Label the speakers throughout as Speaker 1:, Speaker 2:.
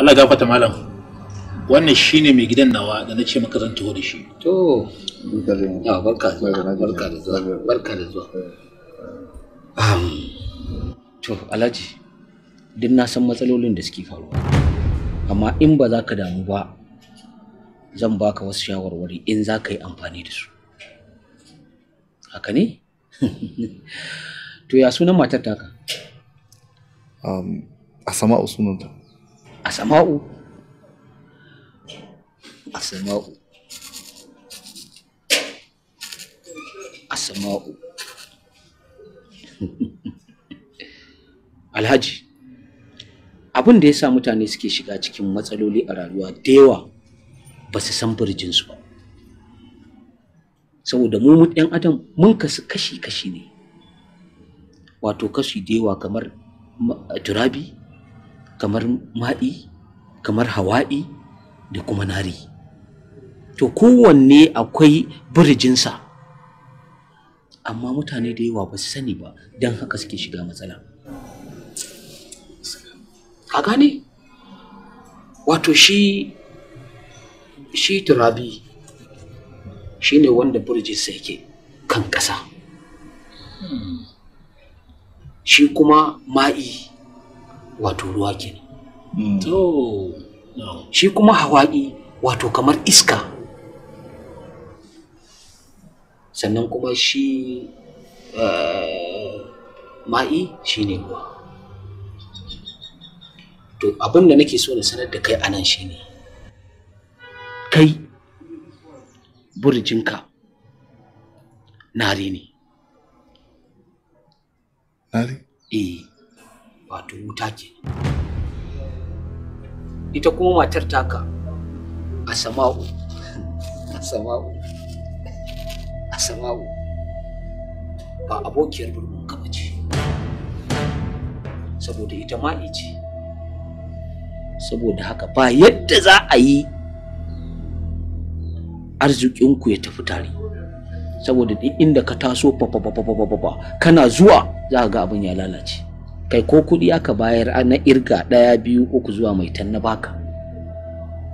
Speaker 1: Allah gafata malam wannan shine mai gidan nawa da na ce maka zan taho da shi to barka barka da
Speaker 2: zuwa barka da zuwa eh. to alhaji duk na san matsalolin da suke faruwa amma in ba za ka damu ba zan baka wasu shawarwari in za ka yi amfani da su haka ne to ya sunan matar taka
Speaker 1: a sama sunanta asama'u asama'u
Speaker 2: asama'u alhaji abin da ya sa mutane suke shiga cikin matsaloli a rayuwa da yawa ba su san birjinsu ba saboda mu ɗan adam mun kasu kashi-kashi ne wato kashi da yawa kamar turabi kamar ma'i kamar hawa'i da kuma nari to kowanne akwai birjinsa amma mutane da yawa ba su sani ba don haka suke shiga matsala a gane wato shi shi turabi shi ne wanda birjinsa yake kan ƙasa hmm. shi kuma ma'i wato ruwa kenan hmm. to shi kuma hawa'i wato kamar iska sannan kuma shi eh, ma'i shi ne ruwa to abin da nake so na sanar da kai anan shi ne kai burjinka nari ne nari? eh wato wuta ke ita kuma matar taka a sama'u a sama'u a sama'u ba abokiyar birnin ka ce saboda ita ma'i ce saboda haka ba yadda za a yi arzikinku ya tafi tare saboda duk inda ka taso fa kana zuwa za ga abin ya lalace kai ko kuɗi aka bayar na irga ɗaya biyu uku zuwa mai tan na baka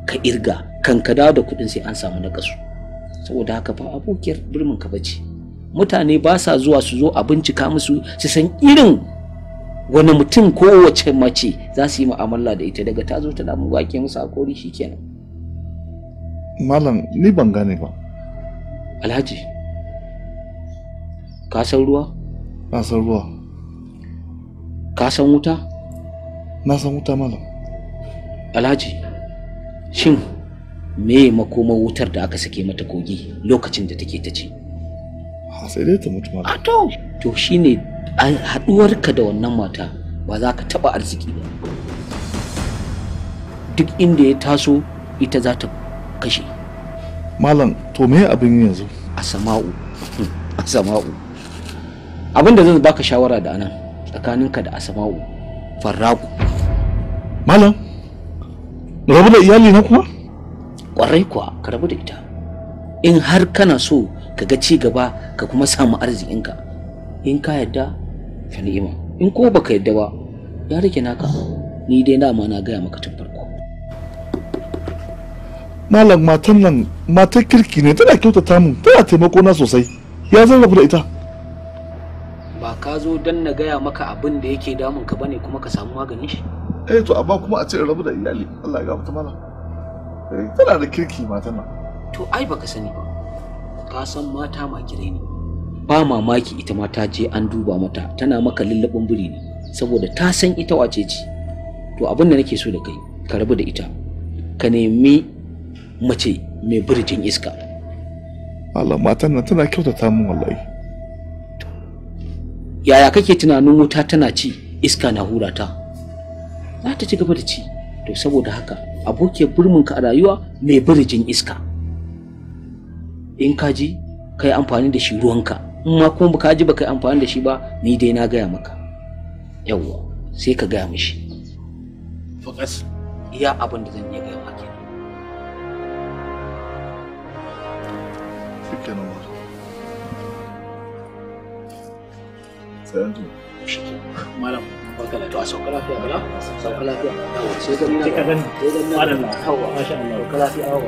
Speaker 2: ka irga kan ka dawo da kuɗin sai an samu na kasu saboda haka ba abokiyar birnin ka bace mutane ba sa zuwa su zo a bincika musu su san irin wani mutum kowace mace za su yi mu'amala da ita daga ta zo ta mu wake musu hakori shikenan
Speaker 1: malam ni ban gane ba
Speaker 2: alhaji ka san ruwa Ka san ruwa ka san wuta
Speaker 1: na san wuta malam
Speaker 2: alhaji shin me makoma wutar da aka sake mata kogi lokacin da take ta ce sai dai ta mutu malam ah, to to shine haduwarka da wannan mata ba za ka taba arziki ba duk inda ya taso ita za ta kashe
Speaker 1: malam to me abin yanzu a sama'u a sama'u
Speaker 2: abin da zan baka shawara da anan tsakaninka da asma'u farraku malam rabu da iyali na kuma kwarai kuwa ka rabu da ita in har kana so ka ga ci gaba ka kuma samu arzikinka in ka yadda ka ni'ima in ko baka yadda ba ya rike naka ni dai na ma na gaya maka tun farko
Speaker 1: malam matan nan matar kirki ne tana kyautata mu tana taimako na sosai ya zan rabu da ita
Speaker 2: zo don na gaya maka abin da yake damun ka bane kuma ka samu maganin shi eh to amma kuma a ce rabu da iyali Allah ya gafarta mana eh tana da kirki mata nan to ai baka sani ba ka san mata ma makirai ne ba mamaki ita ma ta je an duba mata tana maka lullubin buri ne saboda ta san ita wace ce to abin da nake so da kai ka rabu da ita ka nemi mace mai birjin iska
Speaker 1: Allah matan nan tana kyautata min wallahi
Speaker 2: yaya kake tunanin wuta tana ci iska na hura ta za ta ci gaba da ci to saboda haka abokiyar burminka a rayuwa mai birjin iska in ka ji ka yi amfani da shi ruwanka in ma kuma baka ji baka yi amfani da shi ba ni dai na gaya maka yawwa sai ka gaya mishi fakas iya abin da zan iya gaya maka kenan antu malam awa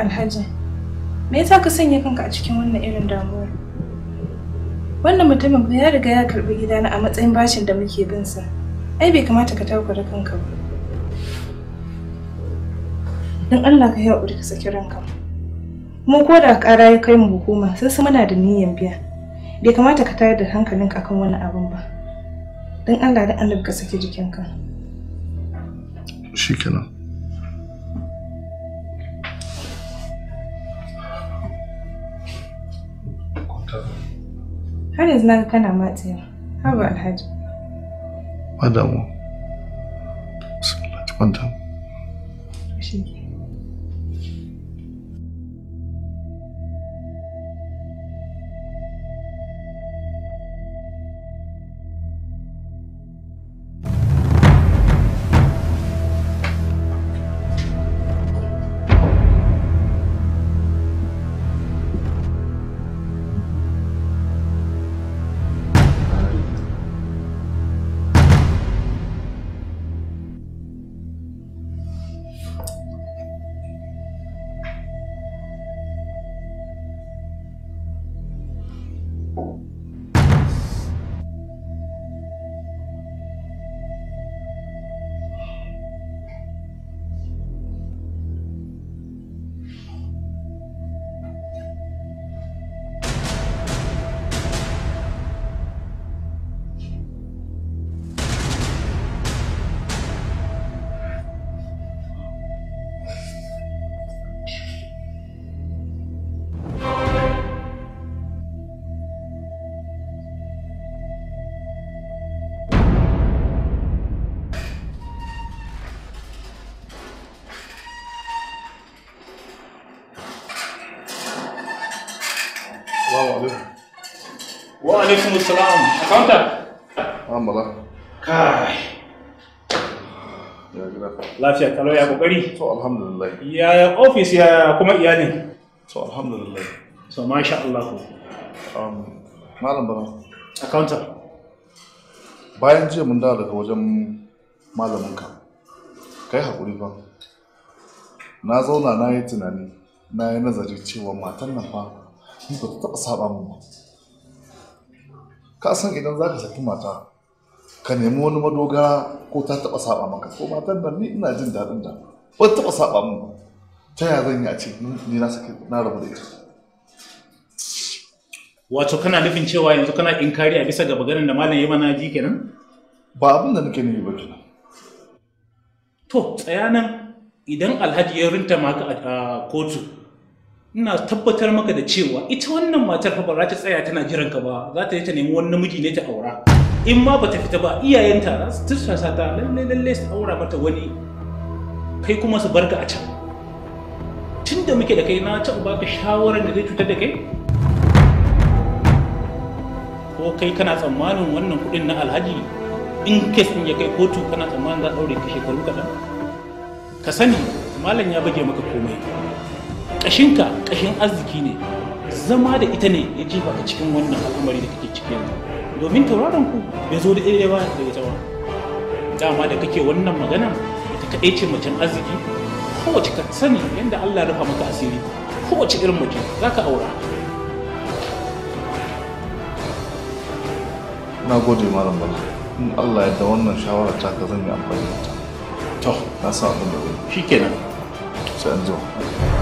Speaker 1: alhaji me yasa ka sanya kanka a cikin wannan irin damuwa
Speaker 2: wannan mutumin ya riga ya karbi gidana a matsayin bashin da muke bin sa ai bai kamata ka takura kanka ba don Allah ka yi haƙuri ka saki ranka Mu ko da ƙara ya kai mu hukuma sun su muna da niyyar biya bai kamata ka tayar da hankalinka akan wani abin ba don Allah da Allah ka saki jikinka shikenan
Speaker 1: har yanzu naga kana matsiya haba alhaji madamu bismillah kwanta shi Wa alaikum salam. Akanta. Amala. Kai. Lafiya kalau ya kokari. To alhamdulillah. Ya office ya kuma iyali. To alhamdulillah. So masha Allah. Um malam bana. Akanta. Bayan jiya mun da daga wajen malamin ka. Kai hakuri fa. Na zauna na yi tunani na yi nazari cewa matan nan fa ni ba taɓa saba mun ba ka san idan za ka saki mata ka nemi wani madogara ko ta taɓa saba maka ko matan nan ni ina jin daɗin da ba ta taɓa saba mun ba ta yaya zan yi a ce ni na saki na rabu da ita wato kana nufin cewa yanzu kana kari a bisa gaba ganin da malam ya mana ji kenan ba abin da nake nufi ba kenan to tsaya nan idan alhaji ya rinta maka a kotu ina tabbatar maka da cewa ita wannan matar fa ba za ta tsaya tana jiran ka ba za ta yi ta nemi wani namiji ne ta aura in ma ba ta fita ba iyayenta za su tursasa ta lalle lalle su aura mata wani kai kuma su ka a can tun da muke da kai na taɓa baka shawarar da zai cutar da kai ko kai kana tsammanin wannan kuɗin na alhaji in kes ɗin ya kai kotu kana tsammanin za a ɗaure ka shekaru kaɗan ka sani malam ya bage maka komai kashinka kashin arziki ne zama da ita ne ya jefa ka cikin wannan al'amari da kake ciki yanzu domin tauraron ku bai zo da ɗaya ba daga tawa dama da kake wannan magana ita kaɗai ce macen arziki kowace ka sani yadda Allah rufa maka asiri kowace irin mace za ka aura na gode malam bala in Allah ya da wannan shawara ta ka zan yi amfani da ta to na sa abin da zai shikenan sai an zo